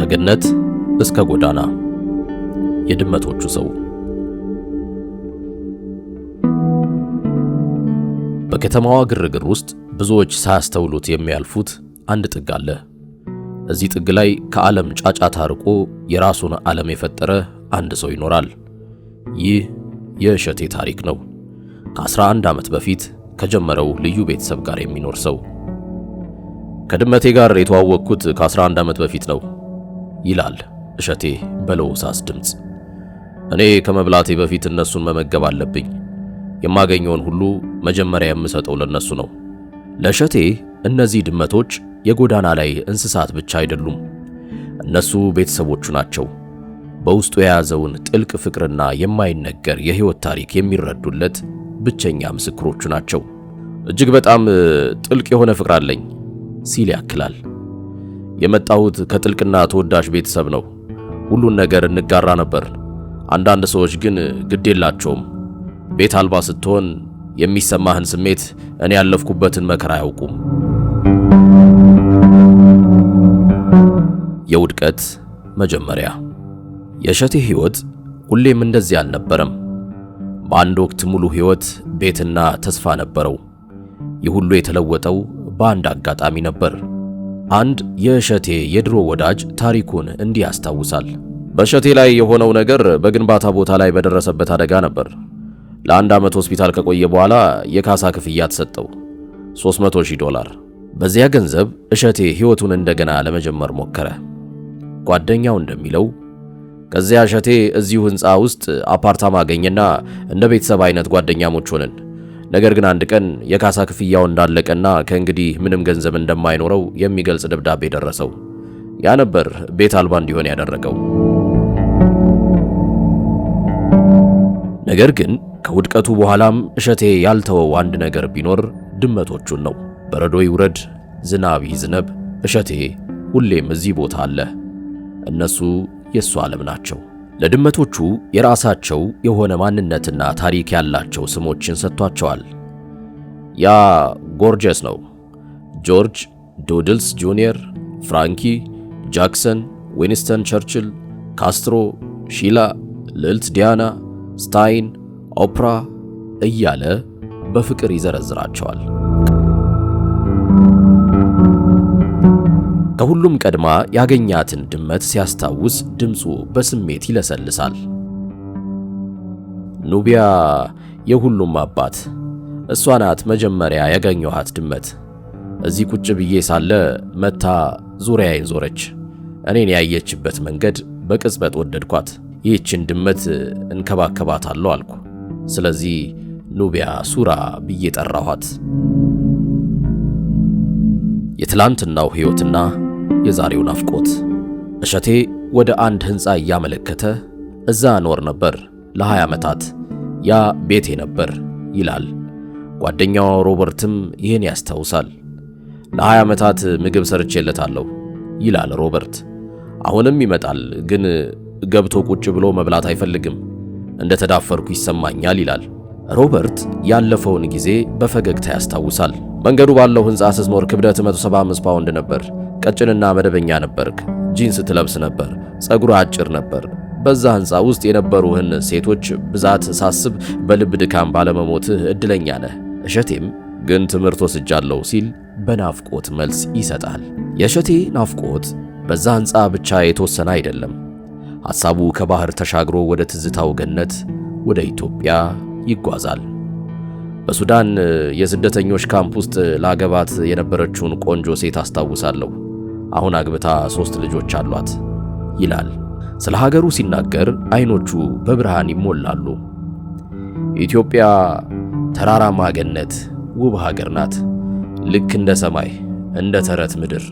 ከገነት እስከ ጎዳና የድመቶቹ ሰው በከተማዋ ግርግር ውስጥ ብዙዎች ሳያስተውሉት የሚያልፉት አንድ ጥግ አለ። እዚህ ጥግ ላይ ከዓለም ጫጫታ ርቆ የራሱን ዓለም የፈጠረ አንድ ሰው ይኖራል። ይህ የእሸቴ ታሪክ ነው። ከ11 ዓመት በፊት ከጀመረው ልዩ ቤተሰብ ጋር የሚኖር ሰው። ከድመቴ ጋር የተዋወቅኩት ከ11 ዓመት በፊት ነው። ይላል እሸቴ በለውሳስ ድምፅ። እኔ ከመብላቴ በፊት እነሱን መመገብ አለብኝ። የማገኘውን ሁሉ መጀመሪያ የምሰጠው ለነሱ ነው። ለእሸቴ እነዚህ ድመቶች የጎዳና ላይ እንስሳት ብቻ አይደሉም። እነሱ ቤተሰቦቹ ናቸው። በውስጡ የያዘውን ጥልቅ ፍቅርና የማይነገር የሕይወት ታሪክ የሚረዱለት ብቸኛ ምስክሮቹ ናቸው። እጅግ በጣም ጥልቅ የሆነ ፍቅር አለኝ ሲል ያክላል የመጣሁት ከጥልቅና ተወዳጅ ቤተሰብ ነው። ሁሉን ነገር እንጋራ ነበር። አንዳንድ ሰዎች ግን ግድ የላቸውም። ቤት አልባ ስትሆን የሚሰማህን ስሜት እኔ ያለፍኩበትን መከራ አያውቁም። የውድቀት መጀመሪያ የእሸቴ ሕይወት ሁሌም እንደዚህ አልነበረም። በአንድ ወቅት ሙሉ ሕይወት ቤትና ተስፋ ነበረው። ይህ ሁሉ የተለወጠው በአንድ አጋጣሚ ነበር። አንድ የእሸቴ የድሮ ወዳጅ ታሪኩን እንዲህ ያስታውሳል። በእሸቴ ላይ የሆነው ነገር በግንባታ ቦታ ላይ በደረሰበት አደጋ ነበር። ለአንድ ዓመት ሆስፒታል ከቆየ በኋላ የካሳ ክፍያ ተሰጠው 300,000 ዶላር። በዚያ ገንዘብ እሸቴ ሕይወቱን እንደገና ለመጀመር ሞከረ። ጓደኛው እንደሚለው ከዚያ እሸቴ እዚሁ ሕንፃ ውስጥ አፓርታማ አገኘና እንደ ቤተሰብ አይነት ጓደኛሞች ሆንን። ነገር ግን አንድ ቀን የካሳ ክፍያው እንዳለቀና ከእንግዲህ ምንም ገንዘብ እንደማይኖረው የሚገልጽ ደብዳቤ ደረሰው። ያ ነበር ቤት አልባ እንዲሆን ያደረገው። ነገር ግን ከውድቀቱ በኋላም እሸቴ ያልተወው አንድ ነገር ቢኖር ድመቶቹን ነው። በረዶ ይውረድ፣ ዝናብ ይዝነብ፣ እሸቴ ሁሌም እዚህ ቦታ አለ። እነሱ የእሱ ዓለም ናቸው። ለድመቶቹ የራሳቸው የሆነ ማንነትና ታሪክ ያላቸው ስሞችን ሰጥቷቸዋል። ያ ጎርጀስ ነው። ጆርጅ፣ ዶድልስ ጁኒየር፣ ፍራንኪ፣ ጃክሰን፣ ዊንስተን ቸርችል፣ ካስትሮ፣ ሺላ፣ ልዕልት ዲያና፣ ስታይን፣ ኦፕራ እያለ በፍቅር ይዘረዝራቸዋል። ከሁሉም ቀድማ ያገኛትን ድመት ሲያስታውስ ድምፁ በስሜት ይለሰልሳል። ኑቢያ የሁሉም አባት እሷ ናት። መጀመሪያ ያገኘኋት ድመት እዚህ ቁጭ ብዬ ሳለ መታ ዙሪያዬን ዞረች። እኔን ያየችበት መንገድ በቅጽበት ወደድኳት። ይህችን ድመት እንከባከባታለሁ አልኩ። ስለዚህ ኑቢያ ሱራ ብዬ ጠራኋት። የትላንትናው ሕይወትና የዛሬው ናፍቆት። እሸቴ ወደ አንድ ህንፃ እያመለከተ እዛ ኖር ነበር ለ20 ዓመታት ያ ቤቴ ነበር ይላል። ጓደኛው ሮበርትም ይህን ያስታውሳል። ለ20 ዓመታት ምግብ ሰርቼለታለሁ ይላል ሮበርት። አሁንም ይመጣል፣ ግን ገብቶ ቁጭ ብሎ መብላት አይፈልግም። እንደተዳፈርኩ ይሰማኛል ይላል ሮበርት። ያለፈውን ጊዜ በፈገግታ ያስታውሳል። መንገዱ ባለው ህንፃ ስትኖር ክብደት 175 ፓውንድ ነበር። ቀጭንና መደበኛ ነበርክ። ጂንስ ትለብስ ነበር። ጸጉር አጭር ነበር። በዛ ህንፃ ውስጥ የነበሩህን ሴቶች ብዛት ሳስብ በልብ ድካም ባለመሞትህ እድለኛ ነህ። እሸቴም ግን ትምህርት ወስጃለሁ ሲል በናፍቆት መልስ ይሰጣል። የእሸቴ ናፍቆት በዛ ህንፃ ብቻ የተወሰነ አይደለም። ሐሳቡ ከባህር ተሻግሮ ወደ ትዝታው ገነት ወደ ኢትዮጵያ ይጓዛል። በሱዳን የስደተኞች ካምፕ ውስጥ ላገባት የነበረችውን ቆንጆ ሴት አስታውሳለሁ። አሁን አግብታ ሶስት ልጆች አሏት ይላል። ስለ ሀገሩ ሲናገር አይኖቹ በብርሃን ይሞላሉ። ኢትዮጵያ ተራራማ ገነት፣ ውብ ሀገር ናት። ልክ እንደ ሰማይ፣ እንደ ተረት ምድር።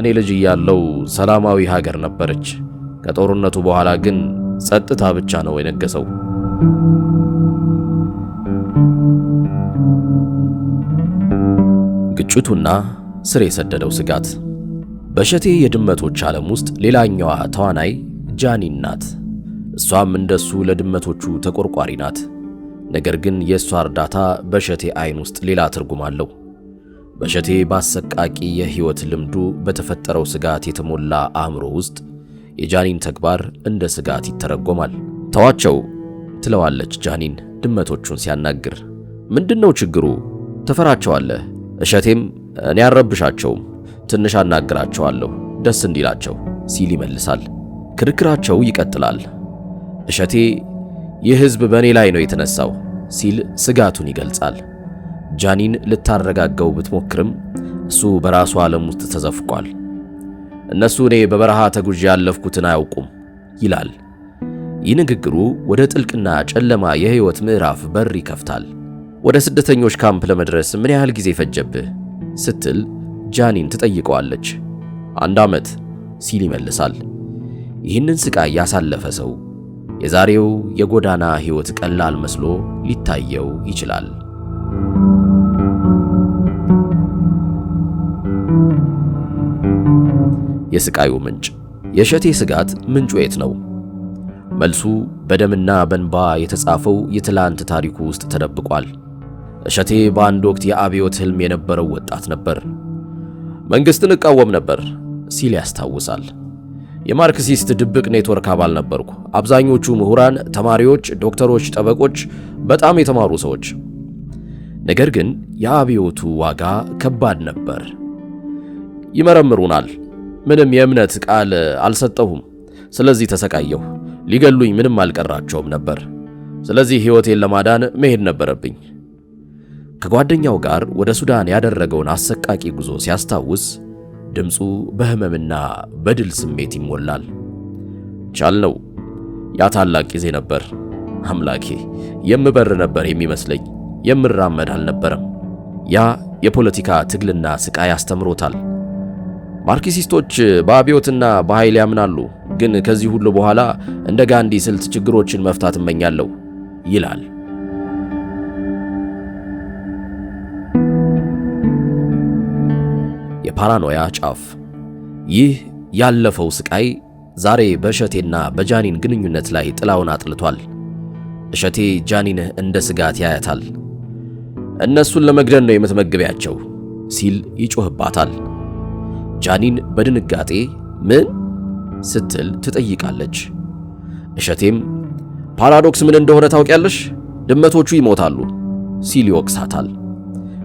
እኔ ልጅ እያለው ሰላማዊ ሀገር ነበረች። ከጦርነቱ በኋላ ግን ጸጥታ ብቻ ነው የነገሰው። ግጭቱና ስር የሰደደው ስጋት በሸቴ የድመቶች ዓለም ውስጥ ሌላኛዋ ተዋናይ ጃኒን ናት። እሷም እንደሱ ለድመቶቹ ተቆርቋሪ ናት። ነገር ግን የእሷ እርዳታ በሸቴ አይን ውስጥ ሌላ ትርጉም አለው። በሸቴ በአሰቃቂ የሕይወት ልምዱ በተፈጠረው ስጋት የተሞላ አእምሮ ውስጥ የጃኒን ተግባር እንደ ስጋት ይተረጎማል። ተዋቸው ትለዋለች ጃኒን ድመቶቹን ሲያናግር። ምንድን ነው ችግሩ? ተፈራቸዋለህ እሸቴም እኔ አረብሻቸውም! ትንሽ አናግራቸዋለሁ ደስ እንዲላቸው ሲል ይመልሳል። ክርክራቸው ይቀጥላል። እሸቴ ይህ ሕዝብ በእኔ ላይ ነው የተነሳው ሲል ስጋቱን ይገልጻል። ጃኒን ልታረጋገው ብትሞክርም እሱ በራሱ ዓለም ውስጥ ተዘፍቋል። እነሱ እኔ በበረሃ ተጉዤ ያለፍኩትን አያውቁም ይላል። ይህ ንግግሩ ወደ ጥልቅና ጨለማ የህይወት ምዕራፍ በር ይከፍታል። ወደ ስደተኞች ካምፕ ለመድረስ ምን ያህል ጊዜ ፈጀብህ? ስትል ጃኒን ትጠይቀዋለች። አንድ ዓመት ሲል ይመልሳል። ይህንን ስቃይ ያሳለፈ ሰው የዛሬው የጎዳና ሕይወት ቀላል መስሎ ሊታየው ይችላል። የስቃዩ ምንጭ የእሸቴ ስጋት ምንጩ የት ነው? መልሱ በደምና በንባ የተጻፈው የትላንት ታሪኩ ውስጥ ተደብቋል። እሸቴ በአንድ ወቅት የአብዮት ህልም የነበረው ወጣት ነበር። መንግስትን እቃወም ነበር ሲል ያስታውሳል። የማርክሲስት ድብቅ ኔትወርክ አባል ነበርኩ። አብዛኞቹ ምሁራን፣ ተማሪዎች፣ ዶክተሮች፣ ጠበቆች፣ በጣም የተማሩ ሰዎች። ነገር ግን የአብዮቱ ዋጋ ከባድ ነበር። ይመረምሩናል። ምንም የእምነት ቃል አልሰጠሁም። ስለዚህ ተሰቃየሁ። ሊገሉኝ ምንም አልቀራቸውም ነበር። ስለዚህ ሕይወቴን ለማዳን መሄድ ነበረብኝ። ከጓደኛው ጋር ወደ ሱዳን ያደረገውን አሰቃቂ ጉዞ ሲያስታውስ ድምፁ በህመምና በድል ስሜት ይሞላል። ቻልነው። ያ ታላቅ ጊዜ ነበር። አምላኬ፣ የምበር ነበር የሚመስለኝ፣ የምራመድ አልነበረም። ያ የፖለቲካ ትግልና ስቃይ አስተምሮታል። ማርክሲስቶች በአብዮትና በኃይል ያምናሉ፣ ግን ከዚህ ሁሉ በኋላ እንደ ጋንዲ ስልት ችግሮችን መፍታት እመኛለሁ ይላል። የፓራኖያ ጫፍ። ይህ ያለፈው ስቃይ ዛሬ በእሸቴና በጃኒን ግንኙነት ላይ ጥላውን አጥልቷል። እሸቴ ጃኒን እንደ ስጋት ያያታል። እነሱን ለመግደል ነው የምትመግቢያቸው ሲል ይጮህባታል። ጃኒን በድንጋጤ ምን ስትል ትጠይቃለች። እሸቴም ፓራዶክስ ምን እንደሆነ ታውቂያለሽ? ድመቶቹ ይሞታሉ ሲል ይወቅሳታል።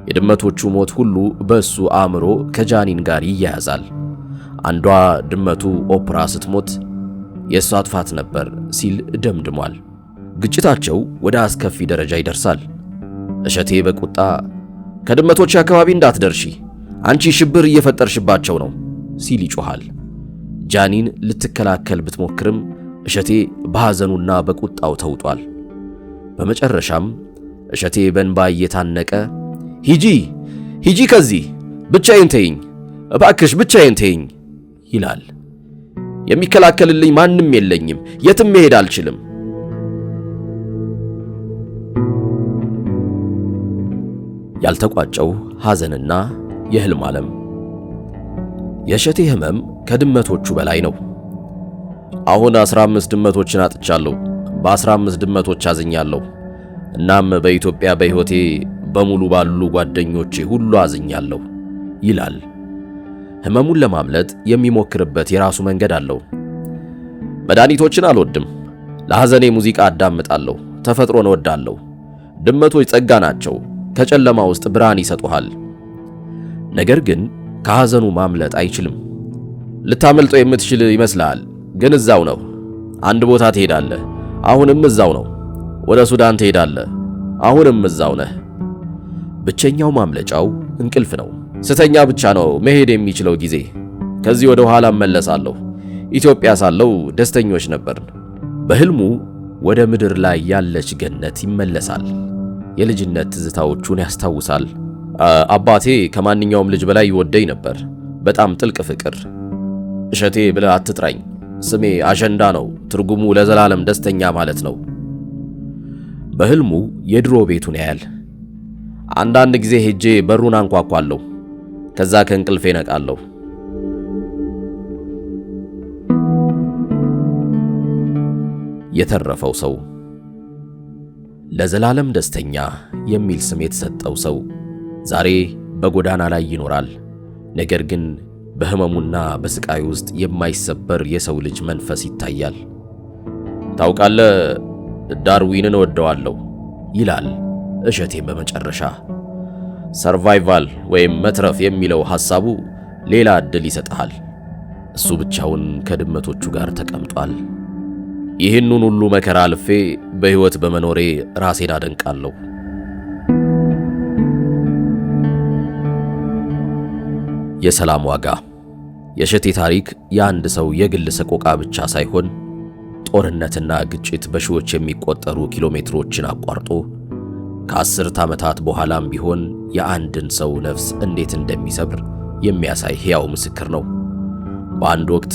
የድመቶቹ ሞት ሁሉ በእሱ አእምሮ ከጃኒን ጋር ይያያዛል። አንዷ ድመቱ ኦፕራ ስትሞት የእሷ ጥፋት ነበር ሲል ደምድሟል። ግጭታቸው ወደ አስከፊ ደረጃ ይደርሳል። እሸቴ በቁጣ ከድመቶች አካባቢ እንዳትደርሺ፣ አንቺ ሽብር እየፈጠርሽባቸው ነው ሲል ይጮኻል። ጃኒን ልትከላከል ብትሞክርም እሸቴ በሐዘኑና በቁጣው ተውጧል። በመጨረሻም እሸቴ በንባ እየታነቀ ሂጂ ሂጂ ከዚህ ብቻዬን ተይኝ እባክሽ ብቻዬን ተይኝ ይላል። የሚከላከልልኝ ማንም የለኝም። የትም መሄድ አልችልም። ያልተቋጨው ሐዘንና የህልም ዓለም የእሸቴ ህመም ከድመቶቹ በላይ ነው። አሁን 15 ድመቶችን አጥቻለሁ። በ15 ድመቶች አዝኛለሁ። እናም በኢትዮጵያ በሕይወቴ በሙሉ ባሉ ጓደኞቼ ሁሉ አዝኛለሁ ይላል። ህመሙን ለማምለጥ የሚሞክርበት የራሱ መንገድ አለው። መድኃኒቶችን አልወድም። ለሐዘኔ ሙዚቃ አዳምጣለሁ። ተፈጥሮን ወዳለሁ ድመቶች ጸጋ ናቸው። ከጨለማ ውስጥ ብርሃን ይሰጡሃል። ነገር ግን ከሐዘኑ ማምለጥ አይችልም። ልታመልጠው የምትችል ይመስልሃል፣ ግን እዛው ነው። አንድ ቦታ ትሄዳለህ፣ አሁንም እዛው ነው። ወደ ሱዳን ትሄዳለህ፣ አሁንም እዛው ነህ። ብቸኛው ማምለጫው እንቅልፍ ነው። ስተኛ ብቻ ነው መሄድ የሚችለው ጊዜ። ከዚህ ወደ ኋላ መለሳለሁ። ኢትዮጵያ ሳለው ደስተኞች ነበርን። በህልሙ ወደ ምድር ላይ ያለች ገነት ይመለሳል። የልጅነት ትዝታዎቹን ያስታውሳል። አባቴ ከማንኛውም ልጅ በላይ ይወደኝ ነበር። በጣም ጥልቅ ፍቅር። እሸቴ ብለህ አትጥራኝ። ስሜ አሸንዳ ነው። ትርጉሙ ለዘላለም ደስተኛ ማለት ነው። በህልሙ የድሮ ቤቱን ያያል። አንዳንድ ጊዜ ሄጄ በሩን አንኳኳለሁ። ከዛ ከእንቅልፌ እነቃለሁ። የተረፈው ሰው ለዘላለም ደስተኛ የሚል ስም የተሰጠው ሰው ዛሬ በጎዳና ላይ ይኖራል። ነገር ግን በሕመሙና በስቃይ ውስጥ የማይሰበር የሰው ልጅ መንፈስ ይታያል። ታውቃለ ዳርዊንን እወደዋለሁ ይላል እሸቴን በመጨረሻ ሰርቫይቫል ወይም መትረፍ የሚለው ሐሳቡ ሌላ ዕድል ይሰጥሃል። እሱ ብቻውን ከድመቶቹ ጋር ተቀምጧል። ይህንን ሁሉ መከራ አልፌ በሕይወት በመኖሬ ራሴን አደንቃለሁ። የሰላም ዋጋ የእሸቴ ታሪክ የአንድ ሰው የግል ሰቆቃ ብቻ ሳይሆን ጦርነትና ግጭት በሺዎች የሚቆጠሩ ኪሎ ሜትሮችን አቋርጦ ከአስርት ዓመታት በኋላም ቢሆን የአንድን ሰው ነፍስ እንዴት እንደሚሰብር የሚያሳይ ሕያው ምስክር ነው። በአንድ ወቅት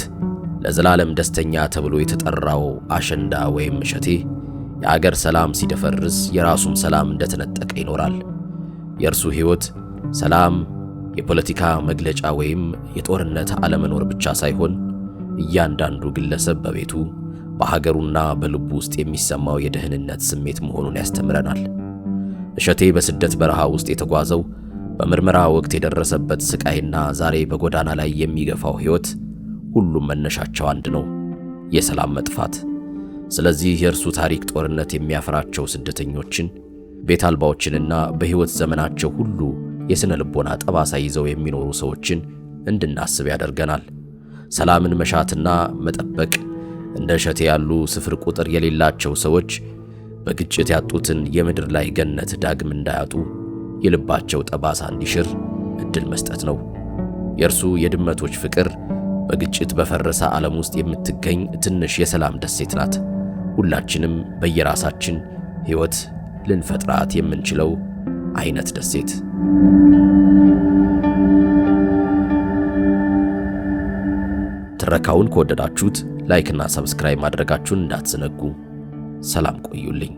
ለዘላለም ደስተኛ ተብሎ የተጠራው አሸንዳ ወይም እሸቴ የአገር ሰላም ሲደፈርስ የራሱም ሰላም እንደተነጠቀ ይኖራል። የእርሱ ሕይወት ሰላም፣ የፖለቲካ መግለጫ ወይም የጦርነት አለመኖር ብቻ ሳይሆን እያንዳንዱ ግለሰብ በቤቱ በሀገሩና በልቡ ውስጥ የሚሰማው የደህንነት ስሜት መሆኑን ያስተምረናል። እሸቴ በስደት በረሃ ውስጥ የተጓዘው በምርመራ ወቅት የደረሰበት ስቃይና ዛሬ በጎዳና ላይ የሚገፋው ሕይወት ሁሉም መነሻቸው አንድ ነው፣ የሰላም መጥፋት። ስለዚህ የእርሱ ታሪክ ጦርነት የሚያፈራቸው ስደተኞችን፣ ቤት አልባዎችንና በሕይወት ዘመናቸው ሁሉ የሥነ ልቦና ጠባሳ ይዘው የሚኖሩ ሰዎችን እንድናስብ ያደርገናል። ሰላምን መሻትና መጠበቅ እንደ እሸቴ ያሉ ስፍር ቁጥር የሌላቸው ሰዎች በግጭት ያጡትን የምድር ላይ ገነት ዳግም እንዳያጡ የልባቸው ጠባሳ እንዲሽር እድል መስጠት ነው። የእርሱ የድመቶች ፍቅር በግጭት በፈረሰ ዓለም ውስጥ የምትገኝ ትንሽ የሰላም ደሴት ናት። ሁላችንም በየራሳችን ሕይወት ልንፈጥራት የምንችለው አይነት ደሴት። ትረካውን ከወደዳችሁት ላይክና ሰብስክራይብ ማድረጋችሁን እንዳትዘነጉ። ሰላም ቆዩልኝ።